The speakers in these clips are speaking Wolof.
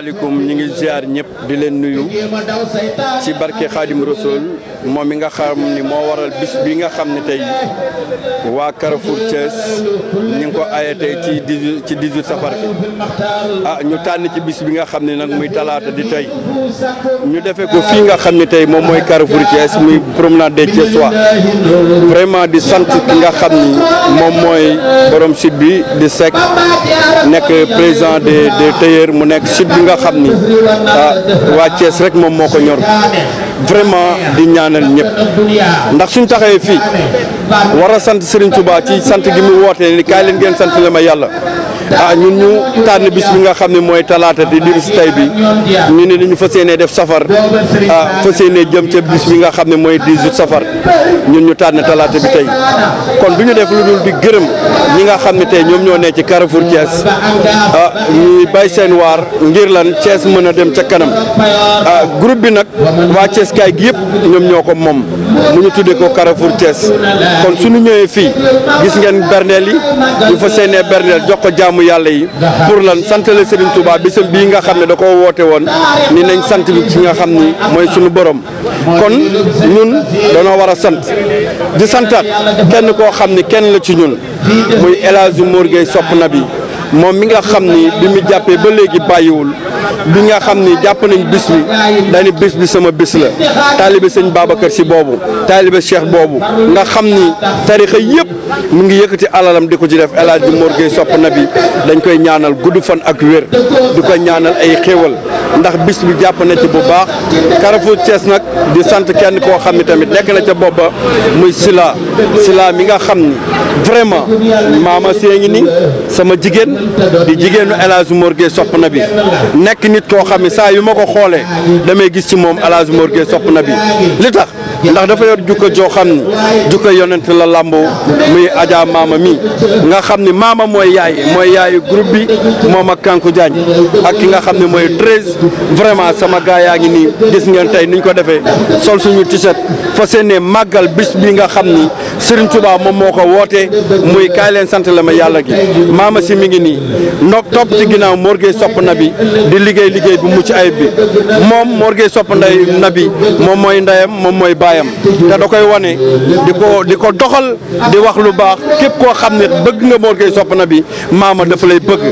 asalaamaaleykum ñu ngi ziar ñëpp di leen nuyu ci barke Xaadim Rasul moom mi nga xam ni moo waral bis bi nga xam ne tey waa Carrefour Thiès ñu ngi ko aye tey ci dix ci dix-huit safar bi ah ñu tànn ci bis bi nga xam ne nag muy talaata di tey ñu defee ko fii nga xam ne tey moom mooy Carrefour Thiès muy promenade des Thiessois vraiment di sant ki nga xam ni moom mooy borom site bi di Seck nekk président des des tailleurs mu nekk site bi nga xam ni ah waa Thiès rek moom moo ko ñor. vraiment di ñaanal ñëpp ndax suñ taxawee fii war a sant Serigne Touba ci sant gi mu wootee ni kaay leen ngeen sant la yàlla ah ñun ñu tànn bis bi nga xam ne mooy talaata di diiru si tey bi ñu ne ñu fa yéenee def safar ah fas yéenee jëm ca bis bi nga xam ne mooy 18 safar ñun ñu tànn talaata bi tey kon du ñu def lu dul di gërëm ñi nga xam ne tey ñoom ñoo ne ci Carrefour Thiès ah bay seen waar ngir lan Thiès mën a dem ca kanam ah groupe bi nag waa Thiès kaay gi yëpp ñoom ñoo ko moom mu ñu tuddee ko Carrefour Thiès kon suñu ñëwee fii gis ngeen berndeel yi ñu fas yéenee berndeel jox ko jàmm jaamu yàlla yi pour lan sant la Serigne Touba bisam bii nga xam ne da koo woote woon ni nañ sant bi ci nga xam ni mooy sunu borom kon ñun danoo war a sant di santaat kenn koo xam ni kenn la ci ñun muy El Hadji Mor Gueye sopp na bi moom mi nga xam ni bi mu jàppee ba léegi bàyyiwul bi nga xam ni jàpp nañ bis bi dañu bis bi sama bis la taalibe sëñ Babacar si boobu taalibe Cheikh boobu nga xam ni tarixa yëpp mu ngi yëkkati alalam di ko ci def El Hadj Mor sopp na bi dañ koy ñaanal gudd fan ak wér di ko ñaanal ay xéewal ndax bis bi jàpp na ci bu baax Carrefour Thiès nag di sant kenn koo xam ni tamit nekk na ca bopp ba muy Sila Sila mi nga xam ni vraiment maama see ngi ni sama jigéen di jigéenu El Hadj Mor Gueye sopp na bi nekk nit koo xam ne saa yu ma ko xoolee damay gis ci moom El Hadj Mor Gueye sopp na bi li tax ndax dafa yor jukko joo xam ni jukko yonent la làmboo muy Adja maama mi nga xam ni maama mooy yaay mooy yaayu groupe bi moom ak Kanku Diagne ak ki nga xam ne mooy treize vraiment sama gaa yaa ngi nii gis ngeen tey ñu ko defee sol suñu t-shirt fa seenee màggal bis bi nga xam ni Serigne Touba moom moo ko wootee muy kaay leen sant la ma yàlla gi Ibrahima si mi ngi nii ndok topp ci ginnaaw Mor Gueye sopp na bi di liggéey liggéey bu mucc ayib bi moom Mor Gueye sopp nday bi moom mooy ndeyam moom mooy baayam te da koy wane di ko di ko doxal di wax lu baax képp koo xam ne bëgg nga Mor Gueye sopp na bi maama dafa lay bëgg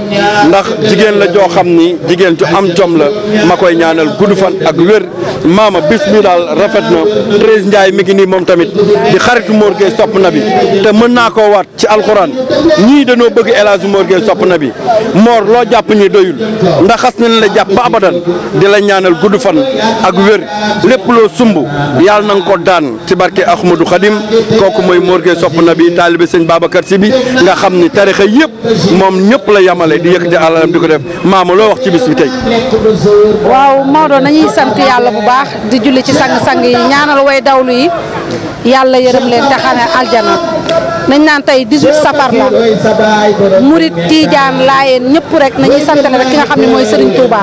ndax jigéen la joo xam ni jigéen ju am jom la ma koy ñaanal gudd fan ak wér maama bis bi daal rafet na Thérèse Ndiaye mi ngi nii moom tamit di xaritu Mor Gueye sopp na bi te mën naa koo waat ci alxuraan ñii dañoo bëgg El su Mor Gueye sopp na bi Mor loo jàpp ni doyul ndax xas nañ la jàpp ba abadan di la ñaanal gudd fan ak wér lépp loo sumb yàlla na nga ko daan ci barke Ahmadou Khadim kooku mooy Mor Gueye sopp na bi taalibe sëñ Babacar Si bi nga xam ni tarixa yëpp moom ñëpp la yamale di yëkkati alalam di ko def maama loo wax ci bis bi tey waaw Maodo nañuy sant yàlla bu baax di julli ci sang-sang yi ñaanal way dawlu yi yàlla yërëm leen te xane aljana nañ naan tey 18 safar la murit tiijaan laayeen ñëpp rek nañuy santale rek ki nga xam ne mooy Serigne Touba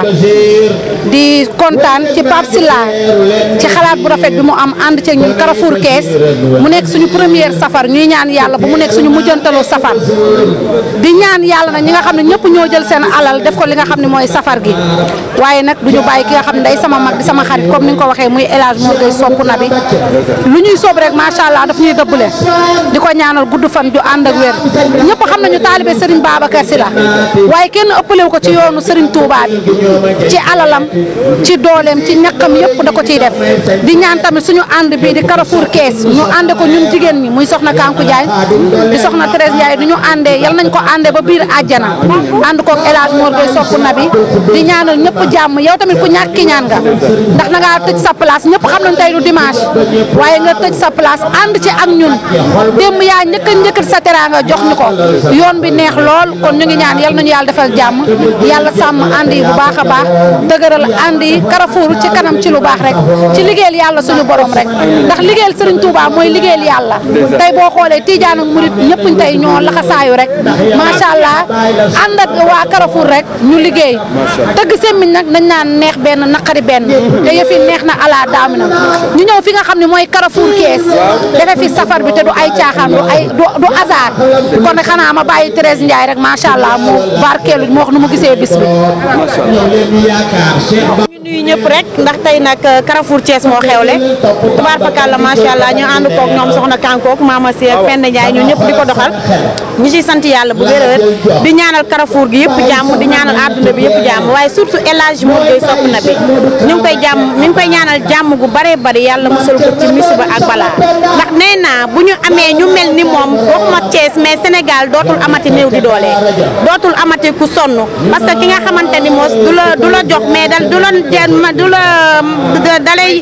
di kontaan ci Pape Sylla ci xalaat bu rafet bi mu am ànd ceeg ñun Carrefour Kees mu nekk suñu première safar ñuy ñaan yàlla bu mu nekk suñu mujjantalu safar di ñaan yàlla na ñi nga xam ne ñëpp ñoo jël seen alal def ko li nga xam ne mooy safar gi waaye nag du ñu bàyyi ki nga xam ne day sama mag di sama xarit comme ni nga ko waxee muy El Hadj moo koy sopp na bi lu ñuy soob rek macha allah daf ñuy dëbbale di ko ñaanal gudd fan ju ànd ak wér ñëpp xam nañu taalibe Serigne Babacar Sylla waaye kenn ko ci yoonu Serigne Touba bi ci ci dooleem ci ñaqam yëpp da ko ciy def di ñaan tamit suñu ànd bii di Carrefour Kees ñu ànd ko ñun jigéen ñi muy soxna Kanku Jaay di soxna Thérèse Jaay di ñu àndee yal nañ ko àndee ba biir àjjana ànd koog El Hadj Mor Gueye sopp na bi di ñaanal ñëpp jàmm yow tamit ku ñàkk ki ñaan nga ndax na ngaa tëj sa place ñëpp xam nañ tey du dimanche waaye nga tëj sa place ànd ci ak ñun démb yaa njëkk a njëkkat sa teraanga jox ñu ko yoon bi neex lool kon ñu ngi ñaan yal nañu yàlla defal jàmm yàlla a ànd ànd yi Carrefour ci kanam ci lu baax rek ci liggéeyal yàlla suñu borom rek ndax liggéeyal Serigne Touba mooy liggéeyal yàlla tey boo xoolee Tidiane ak Murit ñëpp tey ñoo laxasaayu rek macha allah ànd ak waa Carrefour rek ñu liggéey tëgg semmiñ nag nañ naan neex benn naqari benn te yëfi neex na ala daami na ñu ñëw fi nga xam ne mooy Carrefour kees defe fi safar bi te du ay caaxaan du ay du hasard kon xanaa ma bàyyi Thérèse Ndiaye rek macha allah mu barkeelu moo wax bi Cheikh Ba nuyu ñëpp rek ndax tey nag euh, Carrefour Thiès moo xewle tubaar fakal la macha allah ñu ànd koog ñoom soxna Kankook Mama Si ak Penda Ndiaye ñu ñëpp di ko doxal ñu ciy sant yàlla bu wér di ñaanal Carrefour gi yëpp jàmm di ñaanal àdduna bi yëpp jàmm waaye surtout élage moo koy sopp na bi ñu koy jàmm ñu koy ñaanal jàmm gu bare bari yàlla musal ko ci musiba ak balaa ndax nee bu ñu amee ñu mel ni moom waxuma Thiès mais Sénégal dootul amati néew jën ma du la da lay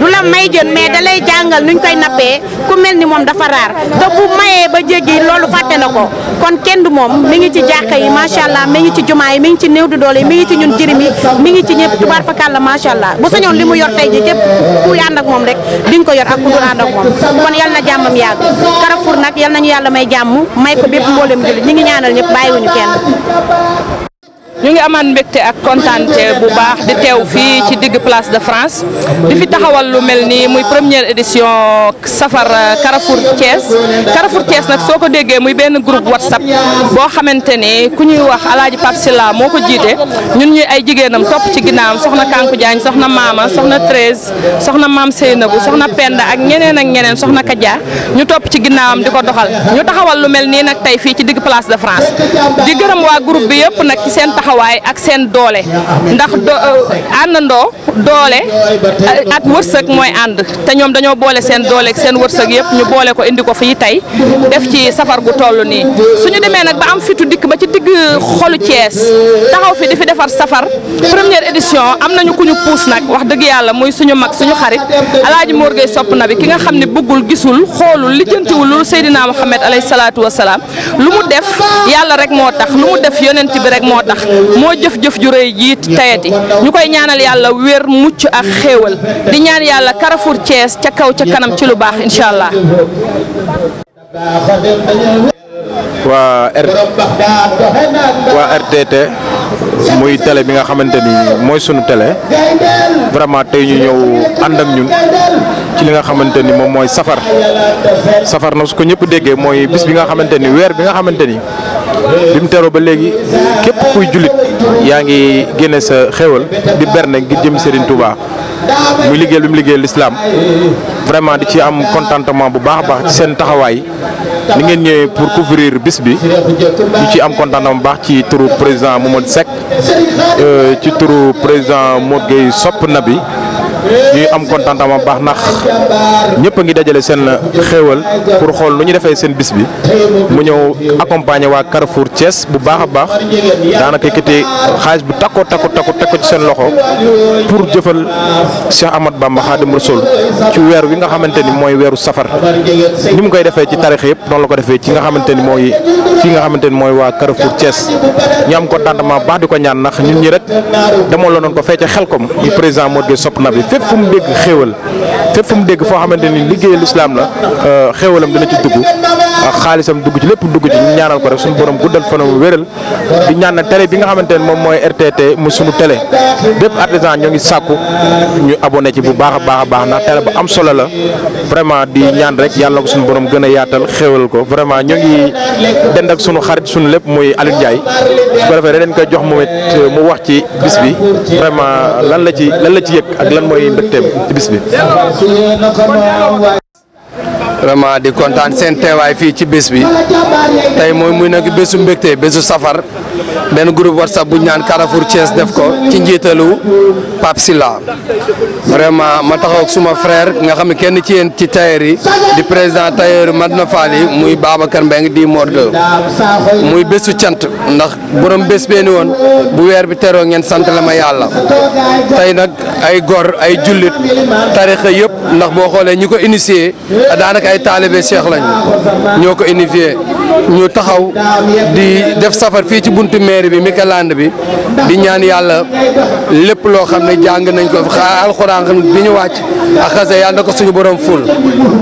du la may jën mais da jàngal jàngal ñu koy nappee ku mel ni moom dafa raar te bu mayee ba jéggi loolu fàtte na ko kon kenn moom mi ngi ci jàkka yi macha allah mi ngi ci jumaa yi mi ngi ci néew du doole yi mi ngi ci ñun jirim yi mi ngi ci ñëpp tubaar fakàlla macha allah bu sañoon li mu yor tey ji képp ku ànd ak moom rek di nga ko yor ak ku dul ànd ak moom kon yal na jàmmam yàgg Carrefour nag yal nañu yàlla may jàmm may ko bépp mboolem jullit ñi ngi ñaanal ñëpp bàyyiwuñu kenn ñu ngi amaat mbégte ak kontaante bu baax di teew fii ci digg place de France di fi taxawal lu mel nii muy première édition safar Carrefour Thiès Carrefour Thiès nag soo ko déggee muy benn groupe WhatsApp boo xamante ni ku ñuy wax alaaji Pape moo ko jiite ñun ñuy ay jigéenam topp ci ginnaawam soxna Kanku Diagne soxna Maama soxna Thérèse soxna Maam Seynabou soxna Penda ak ñeneen ak ñeneen soxna Kadia ñu topp ci ginnaawam di ko doxal ñu taxawal lu mel nii nag tey fii ci digg place de France waaye ak seen doole ndax do euh, àndandoo doole euh, at wërsëg mooy ànd te ñoom dañoo boole seen doole seen wërsëg yëpp ñu boole ko indi ko fii tey def ci safar gu toll nii suñu demee nag ba am fitu dikk ba ci digg xolu Thiès taxaw fii di fi defar safar première édition am nañu ku ñu puus nag wax dëgg yàlla muy suñu mag suñu xarit alaaji Mor Gueye sopp na bi ki nga xam ne bëggul gisul xoolul lijjantiwul loolu Seydina Muhammad alayhi salaatu wasalaam lu mu def yàlla rek moo tax lu def yonent rek moo tax moo jëf jëf ju rëy jiit tayati ñu koy ñaanal yàlla wér mucc ak xéewal di ñaan yàlla Carrefour Thiès ca kaw ca kanam ci lu baax incha allah. waa R waa RTT muy télé bi nga xamante ni mooy sunu télé vraiment tey ñu ñëw ànd ak ñun ci li nga xamante ni moom mooy safar safar na su ko ñëpp déggee mooy bis bi nga xamante ni weer bi nga xamante ni bi mu teroo ba léegi képp kuy jullit yaa ngi génne sa xéwal di berne ngir jëm Serigne Touba muy liggéeyal bi mu liggéeyal lislaam vraiment di ci am contentement bu baax a baax ci seen taxawaay ni ngeen ñëwee pour couvrir bis bi ñu ci am contentement bu baax ci turu président Momadou Seck euh, ci turu président Modou Gueye sopp na bi ñuy am contentement baax ndax ñëpp ngi dajale seen xéewal pour xool nu ñu defee seen bis bi mu ñëw accompagner waa Carrefour cees bu baax a baax daanaka yëkkati xaalis bu takko takko takko teg ko ci seen loxo pour jëfal amat Cheikh Ahmad Bamba mu Rasoul ci weer wi nga xamante ni mooy weeru safar ni mu koy defee ci tarix yëpp noonu la ko defee ci nga xamante ni mooy fii nga xamante ni mooy waa Carrefour cees ñu am contentement baax di ko ñaan nax ñun ñi rek demoon la noonu ko fecce xelkom président Modou Gueye na bi fépp fu mu dégg xéewal fépp fu mu dégg foo xamante ni liggéeyal islam la euh, xéewalam dina ci dugg ak xaalisam dugg ci lépp dugg ci ñu ñaanal ko rek suñu borom guddal fanam wéral di ñaan na télé bi nga xamante ne moom mooy RTT mu suñu télé bépp artisan ñoo ngi sàkku ñu abonné ci bu baax a baax a baax ndax télé bu am solo la vraiment di ñaan rek yàlla ko suñu borom gën a yaatal xéwal ko vraiment ñu ngi dend ak suñu xarit suñu lépp muy Aliou Ndiaye su ko defee da koy jox moom it euh, mu wax ci bis bi vraiment lan la ci lan la ci yëg ak lan mooy mbégteem ci bis bi vraiment di kontaan seen teewaay fii ci bés bi tey mooy muy nag bésu mbégte bésu safar benn groupe whatsapp bu ñu naan Carrefour Thiès def ko ci njiitalu Pape Silla vraiment ma taxaw suma frère nga xam ne kenn ci yéen ci tailleur yi di président tailleur Madina Fall muy muy Babacar Mbeng di Morde muy bésu cant ndax borom bés bee ni woon bu weer bi teroo ngeen sant la yàlla tey nag ay gor ay jullit tarixa yëpp ndax boo xoolee ñi ko initié daanaka ay taalibe Cheikh lañ ñoo ko unifié ñu taxaw di def safar fii ci bunt mairie bi Mikaland bi di ñaan yàlla lépp loo xam ne jàng nañ ko xa alxuraan bi ñu wàcc ak xase yàlla na ko suñu borom ful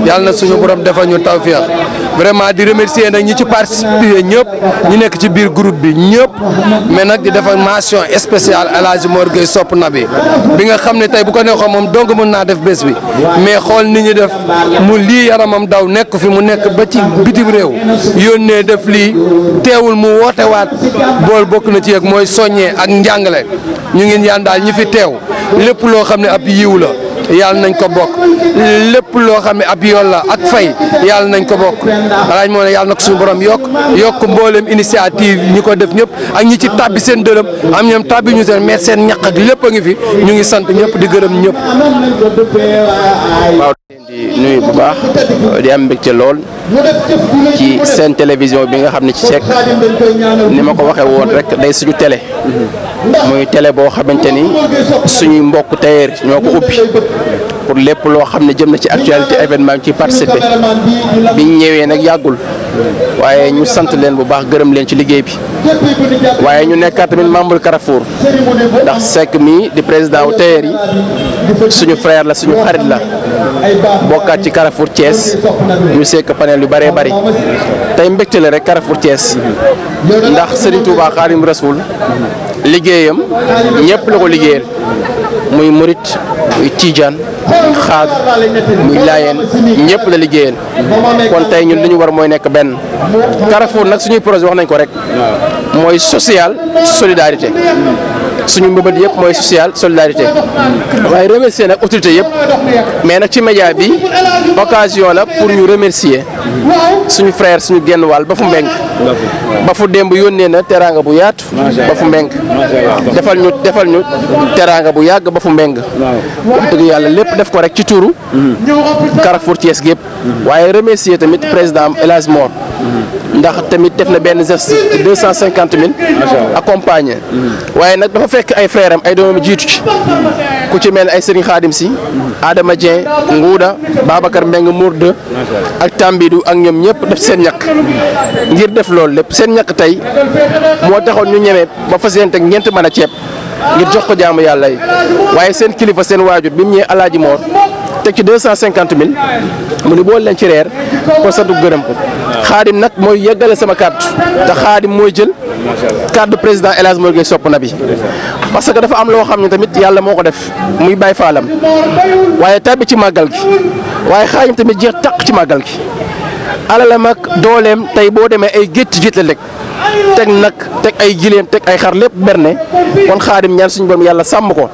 yàlla na suñu borom defal ñu tawféex vraiment di remercier nag ñi ci participer ñëpp ñi nekk ci biir groupe bi ñëpp mais nag di defal mention spéciale El Hadj Mor Gueye sopp na bi bi nga xam ne tey bu ko neexoon moom dong mën naa def bés bi mais xool ni ñu borom daw nekk fi mu nekk ba ci bitim réew yónnee def lii teewul mu woote waat bool bokk na ci yeeg mooy soññee ak njàngle ñu ngi ñaan daal ñi fi teew lépp loo xam ne ab yiw la yàlla nañ ko bokk lépp loo xam ne ab yoon la ak fay yàlla nañ ko bokk alaaj moo ne yàlla na ko suñu borom yokk yokk mboolem initiative ñi ko def ñëpp ak ñi ci tàbbi seen dërëm am ñoom tàbbi ñu seen mais seen ñaq ak lépp a ngi fi ñu ngi sant ñëpp di gërëm ñëpp. nuyu bu baax di am mbégte lool ci seen télévision bi nga xam ne ci Seck ni ma ko waxee woon rek day suñu télé. muy télé boo xamante ni suñuy mbokk tailleur ñoo ko ubbi pour lépp loo xam ne jëm na ci actualité événement ci participer biñ ñëwee nag yàggul waaye ñu sant leen bu baax gërëm leen ci liggéey bi waaye ñu nekkaat tamit membre Carrefour ndax Seck mi di président wu suñu frère la suñu xarit la. bokkaat ci Carrefour Thiès ñu sekk panel yu bëree bëri tey mbégte la rek Carrefour Thiès ndax Serigne Touba Xaadim Rasoul liggéeyam ñëpp la ko liggéeyal muy murit muy tiijaan muy muy laayeen ñëpp la liggéeyal kon tey ñun li ñu war mooy nekk benn Carrefour nag suñuy projet wax nañ ko rek mooy social solidarité suñu mbëbët yëpp mooy social solidarité waaye remercier nag autorité yëpp mais nag ci média bi occasion la pour ñu remercier suñu frère suñu genn wàll ba fu mbeng ba fu démb yónnee na teraanga bu yaatu ba fu mbeng defal ñu defal ñu teraanga bu yàgg ba fu mbeng wax dëgg yàlla lépp def ko rek ci tuuru mm-hmm. Carrefour Thiès gépp waaye remercier tamit président El mm-hmm. ndax tamit def na benn geste deux cent cinquante mille accompagné mm-hmm. waaye nag fekk ay feeram ay doomam jiitu ci ku ci mel ay Serigne xaadim si aadama Dieng Nguuda Babacar muur Mourde ak Tambidou ak ñoom ñëpp def seen ñàkk ngir def loolu lépp seen ñàkk tey moo taxoon ñu ñemee ba fas yéene teg ñeent mën a ceeb ngir jox ko jaamu yàlla yi waaye seen kilifa seen waajur bi mu ñëwee Alaaji Moor teg ci deux cent cinquante mille mu ni bool leen ci reer ko sant gërëm ko xaadim nag mooy yeggale sama kàddu te xaadim mooy jël kàddu président El Hadj Mor sopp na bi parce que dafa am loo xam ne tamit yàlla moo ko def muy bàyyi faalam waaye tàbbi ci màggal gi waaye xaadim tamit jeex taq ci màggal gi alalam mag dooleem tey boo demee ay gétti jiit la rek teg nag teg ay gileem teg ay xar lépp berne kon xaadim ñaan suñ borom yàlla sàmm ko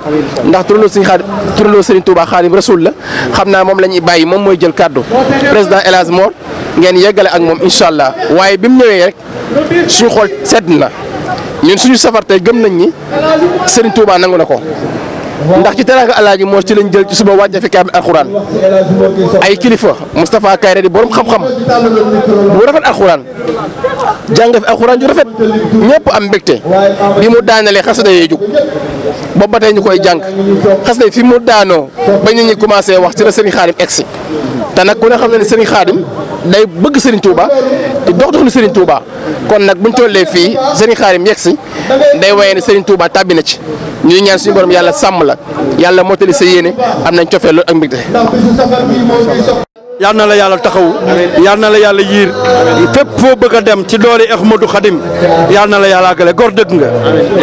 ndax turandoo suñu xaadim turandoo Serigne Touba xaadim rasul la xam naa moom la ñuy bàyyi moom mooy jël kàddu président El Hadj ngeen yeggale ak moom incha allah waaye bi mu ñëwee rek suñu xool sedd na ñun suñu safar tey gëm nañ ni Serigne Touba nangu na ko. ndax ci teraanga alaaji moor ci lañu jël ci suba wàcce fi kaamil alxuraan ay kilifa Moustapha Kayre di borom xam-xam bu rafet alxuraan jàng fi alxuraan ju rafet ñëpp am mbégte bi mu daanalee xasida yee jug boobu ba tey ñu koy jàng xasida fi mu daanoo ba ñu ngi commencé wax ci la sëriñ Xaadim egsi te nag ku ne xam ne ne Serigne Khadim day bëgg Serigne Touba te dox dox ni Serigne Touba kon nag buñ tollee fii Serigne Khadim yegg si day waye ne Serigne Touba tàbbi na ci ñuy ñaan suñu borom yàlla sàmm la yàlla mottali sa yéene am nañ cofee loolu ak mbégte yal na la yàlla taxaw yal na la yàlla yiir fépp foo bëgg a dem ci doole Ahmadou Khadim yal na la yàlla àggale gor dëgg nga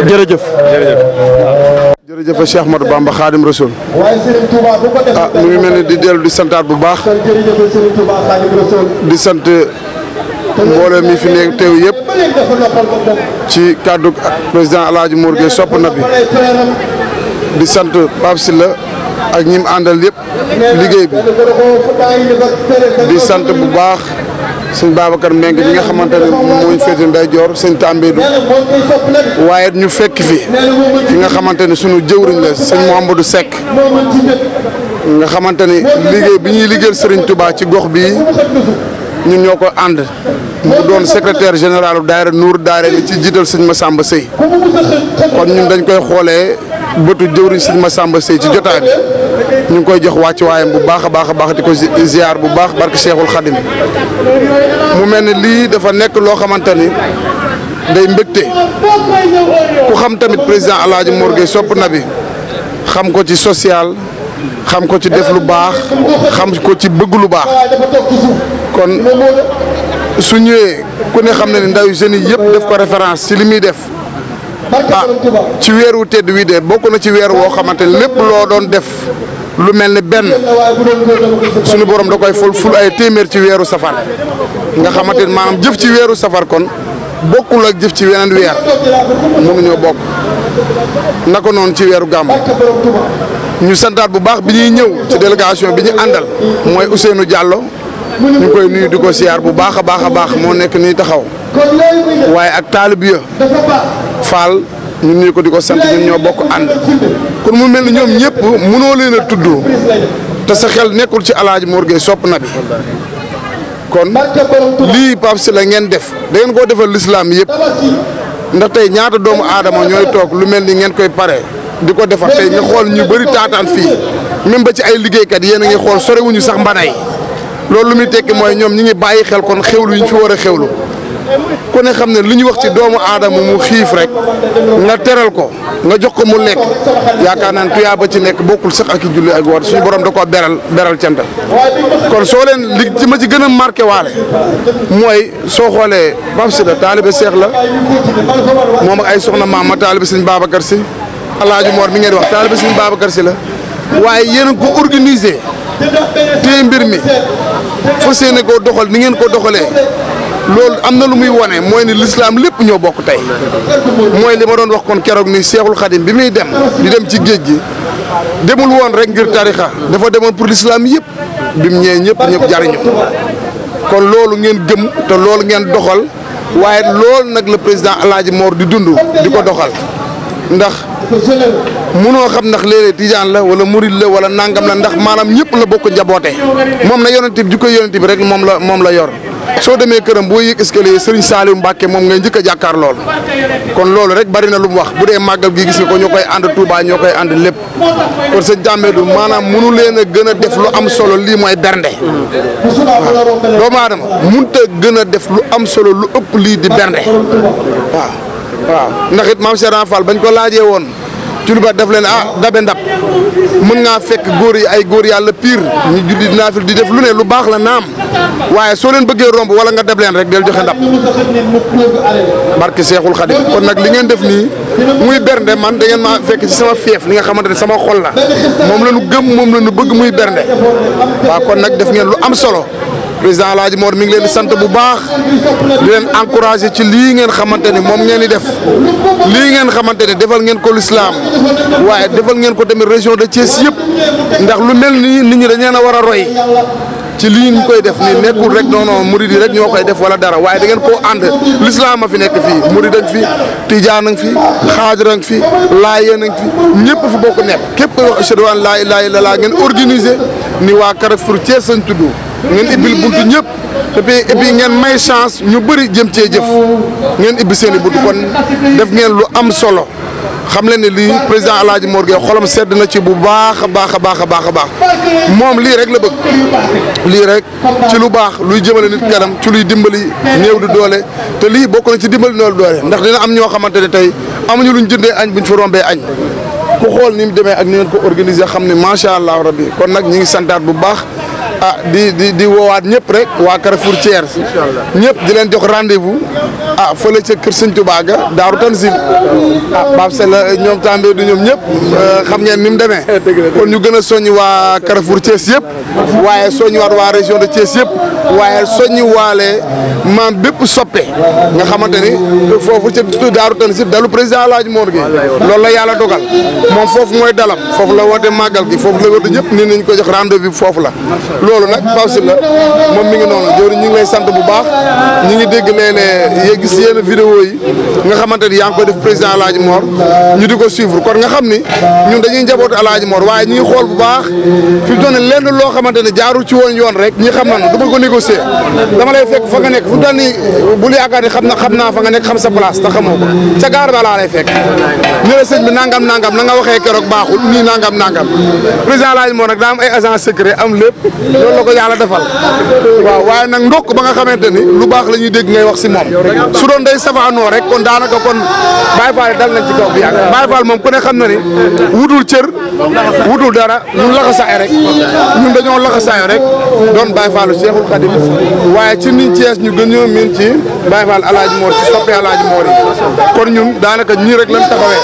jërëjëf jërëjëf Cheikh Ahmadou Bamba Khadim Rasoul ah mu ngi mel ni di dellu di santaat bu baax di sant mbooloo mi fi nekk teew yëpp ci kàddu président El Hadj Mor sopp na bi di sant Pape ak ñim àndal yëpp liggéey bi di sant bu baax sëñ Babacar Mbengue bi nga xamante ne mooñ féete nday joor sëñ Tambédou waaye ñu fekk fi ki nga xamante ne sunu jëwriñ la sëñ Mouhamadou Seck nga xamante ne liggéey bi ñuy liggéeyal sëriñ Touba ci gox bi ñun ñoo ko ànd mu doon secrétaire général daayira Nour daayira ni ci jiital sëñ Massamba Sey kon ñun dañ koy xoolee bëtu jëwriñ sëñ Massamba Seye ci jotaay bi ñu ngi koy jox wàcc waayam bu baax a baax a baax di ko ziar bu baax barke Cheikhul Khadim mu mel ne lii dafa nekk loo xamante ni day mbégte ku xam tamit président El Hadj Mor Gueye sopp na bi xam ko ci social xam ko ci def lu baax xam ko ci bëgg lu baax kon su ñëwee ku ne xam ne ne ndaw jeunes yi yëpp def ko référence ci li muy def. Ah, ci weeru tedd wi de bokk na ci weer woo xamante lépp loo doon def lu mel ni benn suñu borom da koy ful ful ay téeméer ci weeru safar nga xamante maanaam jëf ci weeru safar kon bokkul ak jëf ci weneen weer mënuñoo bokk naka noonu ci weeru gàmm ñu santaat bu baax bi ñuy ñëw ci délégation bi ñu àndal mooy Ousseynou jàllo ñu koy nuyu di ko siyaar bu baax a baax a baax moo nekk nii taxaw waaye ak taalib ya Fall ñun ñu ko di ko sant ñun ñoo bokk ànd kon mu mel ni ñoom ñëpp mënoo leen a tudd te sa xel nekkul ci alaaji Mor Gueye sopp na bi kon lii Pape Sylla ngeen def da koo defal lislaam yëpp ndax tey ñaata doomu aadama ñooy toog lu mel ni ngeen koy pare di ko defar tey nga xool ñu bëri taataan fii même ba ci ay liggéeykat yéen a ngi xool sorewuñu sax mbana yi loolu lu muy tekki mooy ñoom ñi ngi bàyyi xel kon xewlu yi ñu fi war a xewlu kon ne xam ne lu ñu wax ci doomu aadama mu xiif rek nga teral ko nga jox ko mu lekk yaakaar naan tuyaa ba ci nekk bokkul sax ak i julli ak war suñu borom da koo beral beral cant kon soo leen li ci ma ci gën a marqué waale mooy soo xoolee Pape Sida taalibe Seex la moom ak ay soxna maam ma taalibe Sëñ Babacar Si Alaaji Moor mi ngeen wax taalibe Sëñ Babacar Si la waaye yéen a ko organisé téye mbir mi fas yéene ko doxal ni ngeen ko doxalee loolu am na lu muy wone mooy ni lislaam lépp ñoo bokk tey mooy li ma doon wax kon keroog ni seexul xadim bi muy dem di dem ci géej gi demul woon rek ngir tarixa dafa demoon pour lislaam yëpp bi mu ñëwee ñëpp ñëpp jariñu kon loolu ngeen gëm te loolu ngeen doxal waaye loolu nag le président Alaaji Mor di dund di ko doxal ndax munoo xam ndax léeg-léeg tijaan la wala murid la wala nangam la ndax maanaam ñëpp la bokk njaboote moom na yonente bi jikko yonente bi rek moom la moom la yor soo demee këram boo yéeg escalier Serigne Saliou Mbacke moom ngay njëkk a jàkkaar lool kon loolu rek bari na lu mu wax bu dee màggal gi gis nga ko ñoo koy ànd Touba ñoo koy ànd lépp kon sa jàmbeedu maanaam mënu leen a gën a def lu am solo lii mooy bernde waaw doomu gën a def lu am solo lu ëpp lii di bernde waaw waaw ndax it maam Serigne bañ ko laajee woon ci lu bari daf leen ah dabe ndab mën ngaa fekk góor yi ay góor yàlla piir ñu juddi dinaa di def lu ne lu baax la naam waaye soo leen bëggee romb wala nga dab leen rek del joxe ndab barke Seexul Xadim kon nag li ngeen def nii muy bernde man da ma maa fekk ci sama fief li nga xamante ne sama xol la moom la ñu gëm moom la ñu bëgg muy bernde waaw kon nag def ngeen lu am solo président El Hadj Mor mi ngi leen di sant bu baax di leen encouragé ci lii ngeen xamante ni moom ngeen di def lii ngeen xamante ni defal ngeen ko lislaam waaye defal ngeen ko tamit région de Thiès yëpp ndax lu mel ni nit ñi da leen a war a roy. ci lii ñu koy def nii nekkul rek non non murid rek ñoo koy def wala dara waaye da ngeen koo ànd lislaam a fi nekk fi murid a fi tijaan a fi xaadir a ngi fi laayeen a ngi fi ñëpp fi bokk nekk képp koy wax ashhadu an laa ilaaha illallaah ngeen organiser ni waa Carrefour Thiès sañ ngeen ibbil buntu ñëpp et puis ngeen may chance ñu bari jëm cee jëf ngeen ibbi seen i buntu kon def ngeen lu am solo xam leen ne lii président alaaj Hadj Mor Gueye sedd na ci bu baax a baax a baax a baax a baax moom lii rek la bëgg lii rek ci lu baax luy jëmale nit kanam ci luy dimbali néew di doole te lii bokk na ci dimbali néew di doole ndax dina am ñoo xamante ne am amuñu luñ jëndee añ buñ fa rombee añ ku xool ni mu demee ak ni ngeen ko organiser xam ne macha allah rabbi kon nag ñu ngi santaat bu baax. ah di di di woowaat ñëpp rek waa Carrefour Thiers ñëpp di leen jox rendez-vous ah fële ca kër Sëñ Tuubaa ga Daaru Tanzil ah Pape Sella ñoom També du ñoom ñëpp euh, xam ngeen ni mu demee kon ñu gën a soññ waa Carrefour Thiès yëpp waaye soññ waat waa région de Thiès yëpp waaye soññ waale maam bépp soppe nga xamante ni foofu ca Daaru Tanzil dalu président Alaaji Mor gi loolu la yàlla dogal moom foofu mooy dalam foofu la woote màggal gi foofu la woote ñëpp ni nañ ko jox rendez-vous foofu la loolu nag Pape Sylla moom mi ngi noonu joor ñu ngi lay sant bu baax ñu ngi dégg léeg-léeg yéeg gis yenn vidéo yi nga xamante ni yaa ngi koy def président Alaaji Mor ñu di ko suivre kon nga xam ni ñun dañuy njaboot Alaaji moor waaye ñu xool bu baax fi mu lenn loo xamante ne jaarul ci woon yoon rek ñi xam nañu du ma ko négocier dama lay fekk fa nga nekk fu mu toll nii bul yaakaar ni xam na xam naa fa nga nekk xam sa place te xamoo ko ca gaar ba laa lay fekk ñu sëñ bi nangam nangam na nga waxee keroog baaxul nii nangam nangam président a Mor nag daa am ay agent secret am lépp loolu la ko a defal waaw waaye nag ndokk ba nga xamante ni lu baax la ñuy dégg ngay wax si moom su doon day safaanoo rek kon daanaka kon Baye Fall dal nañ ci kaw bi yàgg Baye Fall moom ku ne xam na ni wutul cër wutul dara ñun laxasaay rek ñun dañoo laxasaay doon Baye Fallu Cheikhul Khadim waaye ci niñ Cees ñu gën ñoo miin ci Baye Fall Alaaji Moor ci soppe Alaaji Moor yi kon ñun daanaka ñii rek lañ taxawee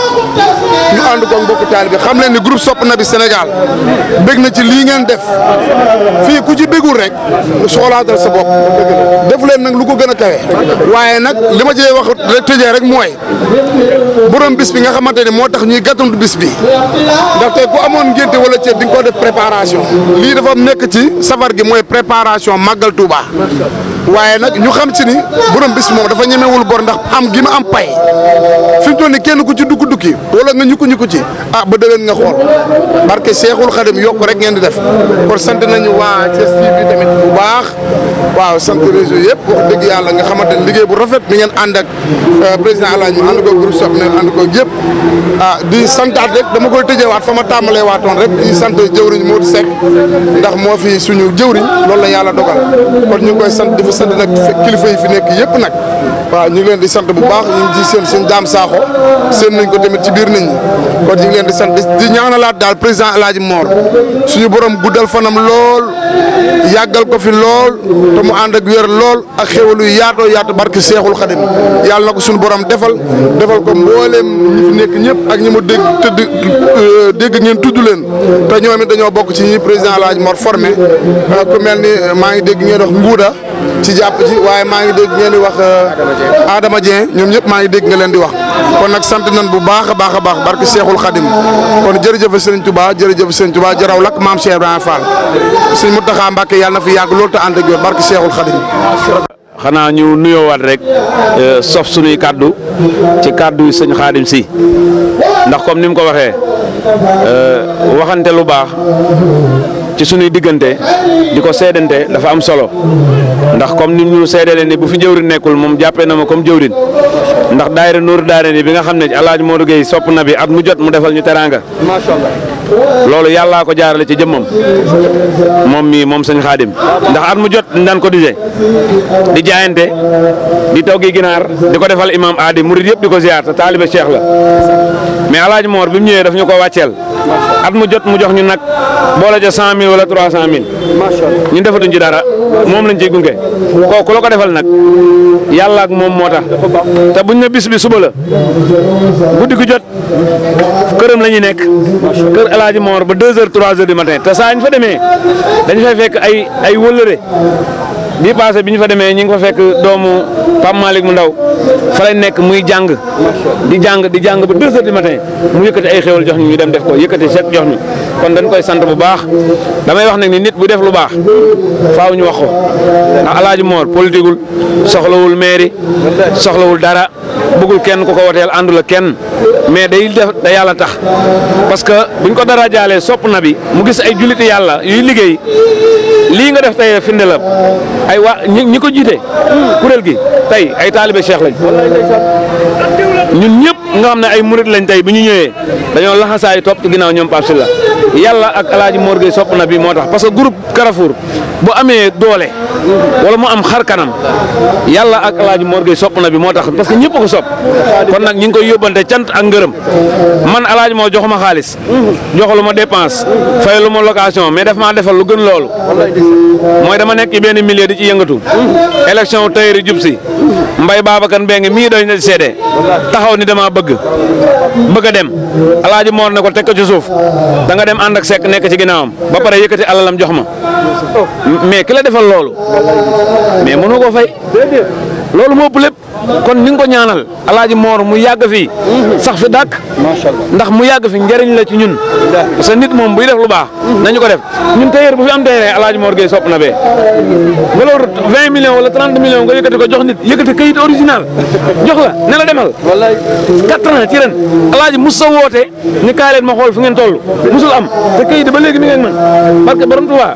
ñu ànd ko mbokk taalibe bi xam leen ni groupe sopp na bi Sénégal bég na ci lii ngeen def fii ku ci bégul rek soxlaatal sa bopp def leen nag lu ko gën a kawe waaye nag li ma cee wax rek tëjee rek mooy borom bis bi nga xamante ne moo tax ñuy gàttandu bis bi ndaxte ku amoon ngénte wala ceeb di nga ko def préparation lii dafa nekk ci safar gi mooy préparation màggal Touba waaye nag ñu xam ci ni borom bis moom dafa ñemewul bor ndax am gi ma am pay fi mu toll kenn ku ci dugg dukki wala nga ñukku ñukku ci ah ba déwén nga xool barke Seexul Xadim yokk rek ngeen di def naa Thiès TV tamit bu yëpp wax dëgg yàlla nga xamante ne liggéey bu rafet mi ngeen ànd ak euh, président Alaaji ànd ko groupe Soxna ànd ko yëpp ah di santaat rek dama koy tëjewaat fa ma tàmbalee waatoon rek sant jëwriñ Modou Seck ndax moo fi suñu jëwriñ loolu la yàlla dogal kon ñu ngi koy sant di fa sant kilifa yi fi nekk yëpp nag waaw ñu ngi leen di sant bu baax ñu ngi ci seen seen daam saaxo seen nañ ko tamit ci biir nit ñi kon ñu leen di sant di ñaanalaat daal président Alaaji Mor suñu borom guddal fanam lool yàggal ko fi lool te mu ànd ak wér lool ak xéwal yu yaatoo yaatu barki seexul xadim yàlla na ko suñu borom defal defal ko mbooleem ñi fi nekk ñëpp ak ñi mu dégg tëdd euh, dégg ngeen tudd leen te ñoom it dañoo bokk ci ñi président laaj Mor formé euh, ku mel ni euh, maa ngi dégg ngeen wax Nguuda ci jàpp ci waaye maa ngi dégg ngeen di wax Adama Dieng ñoom ñëpp maa ngi dégg nga leen di wax kon nag sant nañ bu baax a baax a baax barki seexul xadim kon jërëjëf Sëriñ Touba jërëjëf Sëriñ Touba jaraw lak maam Cheikh Ibrahima Serigne Mountakha Mbacké yàlla fi yàgg loolu te ànd ak yoon barke Cheikhul Khadim. xanaa ñu nuyoowaat rek e, sof suñuy kàddu ci kàddu sëñ Xaadim si ndax comme ni mu ko waxee e, waxante lu baax ci sunuy diggante di ko seedante dafa am solo ndax comme ni ñu seedalee ni bu fi jëwrin nekkul moom jàppee na ma comme jëwrin ndax daayira Nuuru Daarayni bi nga xam ne Alaaji Modou Gueye sopp na bi at mu jot mu defal ñu teraanga. loolu yàllaa ko jaarale ci jëmmam moom mii moom sëñ xaadim ndax at mu jot daan ko dise di jaayante di toggi ginaar di ko defal imam aadi murid yëpp di ko ziar te taalibe cheikh la mais alaaj moor bi mu ñëwee daf ñu ko wàcceel at mu jot mu jox ñu nag boole ca cent mille wala trois cent mille ñu defatuñ ci dara moom lañ ciy gunge ko ku la ko defal nag yàlla moom moo tax te buñ ne bis bi suba la guddi gu jot këram la ñuy nekk kër El Hadj ba deux heures trois heures du matin te saa ñu fa demee dañ fay fekk ay ay wëllëre bi passé bi ñu fa demee ñu ngi fa fekk doomu Pape Malick mu ndaw fa lay nekk muy jàng di jàng di jàng ba deux heures mu yëkkati ay xéwal jox ñu ñu dem def ko yëkkati chèque jox ñu kon dañ koy sant bu baax damay wax nag ni nit bu def lu baax faaw ñu wax ko ndax alaaji moor politiqueul soxlawul mairie soxlawul dara bëggul kenn ku ko woteel àndul kenn mais day def da yàlla tax parce que buñ ko dara jaalee sopp na bi mu gis ay julliti yàlla yuy liggéey lii nga def tey firnde la ay waa ñi ko jiite kuréel gi tey ay taalibe cheikh lañ ñun ñëpp nga xam ne ay murit lañ tey bi ñu ñëwee dañoo laxasaay topp ci ñoom Pape yàlla ak El Hadj Mor sopp na bi moo tax parce que groupe Carrefour bu amee doole wala mu am xar kanam yàlla ak El Hadj Mor Gueye sopp na bi moo tax parce que ñëpp ko sopp kon nag ñu ngi koy yóbbante cant ak ngërëm man El Hadj moo jox ma xaalis joxalu ma dépense lu ma location mais daf maa defal lu gën loolu mooy dama nekk ci benn di ci yëngatu élection tayri jub si mbay Babacar Mbengue mii doy na seede taxaw ni dama bëgg bëgg a dem El Hadj Mor ne ko teg dem ànd ak sekk nekk ci ginnaawam ba pare yëkkati alalam jox ma mais ki la defal loolu mais mënoo ko fay loolu moo ëpp kon ni nga ko ñaanal alaaji moor mu yàgg fi sax fi dàkk ndax mu yàgg fi njëriñ la ci ñun parce que nit moom buy def lu baax nañu ko def ñun téyeer bu fi am téyeer alaaji moor gay sopp na bee nga loolu vingt millions wala trente ko jox nit yëkkati kayit original jox la ne la demal quatre ans ci ren alaaji mos sa woote ni kaay leen ma xool fu ngeen toll mosul am te kayit ba léegi mi ngeen mën parce que borom Tuubaa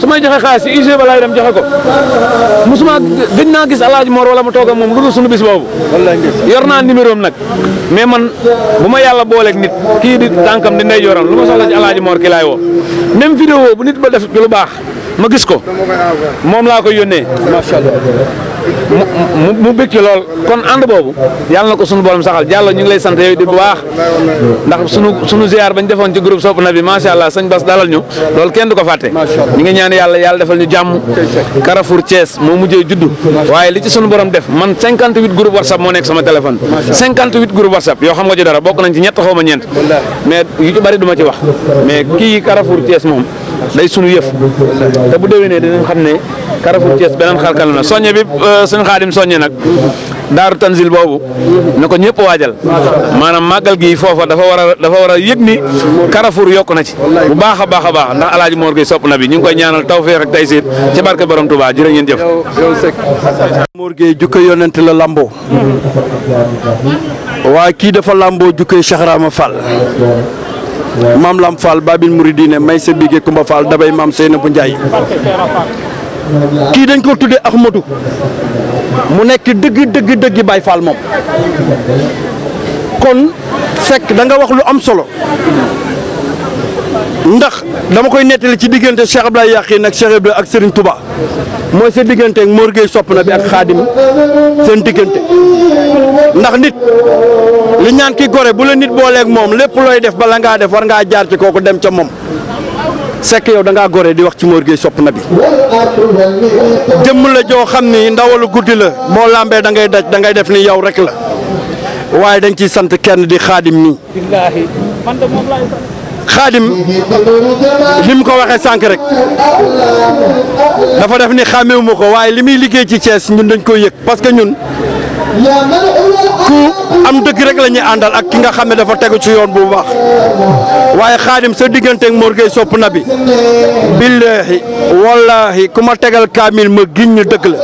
su may joxe xaalis si UG ba laay dem joxe ko mosuma gëj bëgg suñu bis boobu yor naa numéro am nag mais man bu ma yàlla booleeg nit kii di tànkam di ndeyjooram lu ma soxla ci alaaji Mor ki laay woo même vidéo bu nit ba def lu baax ma gis ko moom laa ko yónnee macha allah mu mu bëgg ci lool kon ànd boobu yàlla na ko sunu borom saxal jàllo ñu ngi lay sant yooyu di bu baax ndax sunu sunu bañ defoon ci groupe sopp na bi macha allah sëñ Bas dalal ñu loolu kenn du ko fàtte ñu ngi ñaan yàlla yàlla defal ñu jàmm Carrefour Thiès moo mujjee juddu waaye li ci sunu borom def man 58 whatsapp moo nekk sama téléphone 58 whatsapp yoo xam nga ci dara bokk nañ ci ñett xaw ma ñeent mais yu ci bari du ci wax mais kii Carrefour Thiès moom ko suñu xaadim soññe nag daaru tanzil boobu na ko ñëpp waajal maanaam màggal gi foofa dafa war a dafa war a yëg ni Carrefour yokk na ci bu baax a baax a baax ndax alaaji Mor Gueye sopp na bi ñu ngi koy ñaanal tawfeex ak taysiir ci barke borom Touba jërë ngeen jëf Mor Gueye jukko yonent la lamboo waaye kii dafa lamboo jukkoy Cheikh Rama Fall maam Lam Fall Babil Mouridine may sa bigee Kumba Fall dabay maam Seyna bu Njaay kii dañ koo tuddee matu mu nekk dëgg dëgg dëgg baay Fall moom kon sekk da nga wax lu am solo ndax dama koy nettali ci diggante Cheikh Abdoulaye Yakhine ak Cheikh Ibrahima ak Serigne tubaa mooy sa digganteek ak Mor Gueye sopp na bi ak xaadim seen diggante ndax nit li ñaan ki gore bu la nit booleeg moom lépp looy def bala ngaa def war ngaa jaar ci kooku dem ca moom sekk yow da ngaa gore di wax ci Mor Gueye sopp na bi jëmm la joo xam ni ndawalu guddi la boo lambee da ngay daj dangay def ni yow rek la waaye dañ ciy sant kenn di xaadim nii xaadim li mu ko waxee sànq rek dafa def ni xàmmewu ko waaye li muy liggéey ci Thiès ñun dañ koy yëg parce que ñun ku am dëgg rek la ñuy àndal ak ki nga xam ne dafa tegu ci yoon bu baax waaye xaadim sa digganteeg Mor Gueye sopp na bi billaahi wallaahi ku ma tegal kaamil ma giñ ñu dëgg la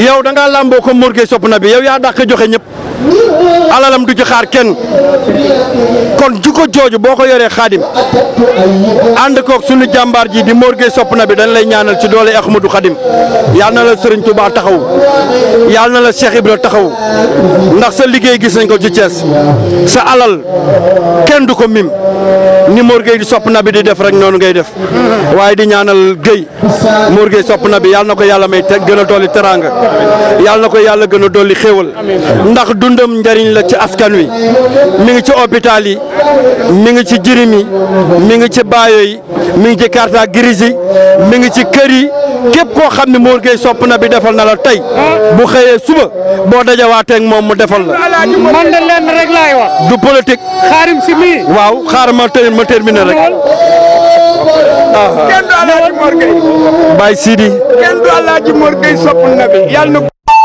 yow danga ngaa làmboo ko Mor sopp na bi yow yaa dàq joxe ñëpp alalam du ci xaar kenn kon ko jooju boo ko yoree xaadim ànd koog suñu jàmbaar ji di Mor Gueye sopp na bi dañ lay ñaanal ci doole Ahmadou Xaadim yal na la Sëriñ Tuubaa taxaw yàlla na la Cheikh Ibra taxaw ndax sa liggéey gis nañ ko ci cees sa alal kenn du ko mim ni Mor gee di sopp na bi di def rek noonu ngay def waaye di ñaanal Gueye Mor Gueye sopp na bi yàlla na ko yàlla may te gën a dolli teraanga yàlla na ko yàlla gën a dolli xéewal ndax dundam njariñ la ci askan wi mu ngi ci hôpital yi mi ngi ci jirim yi mi ngi ci baayo yi mi ngi ci carte grise yi mi ngi ci kër yi képp koo xam ne Mor Gueye sopp na bi defal na la tey bu xëyee suba boo dajawaateeg moom mu defal la. man de lenn rek laay wax. du politique. xaarim si mii. waaw xaaral ma tey ma terminer rek. ah Sidi. kenn du Alaaji Mor Gueye sopp na bi yàlla na.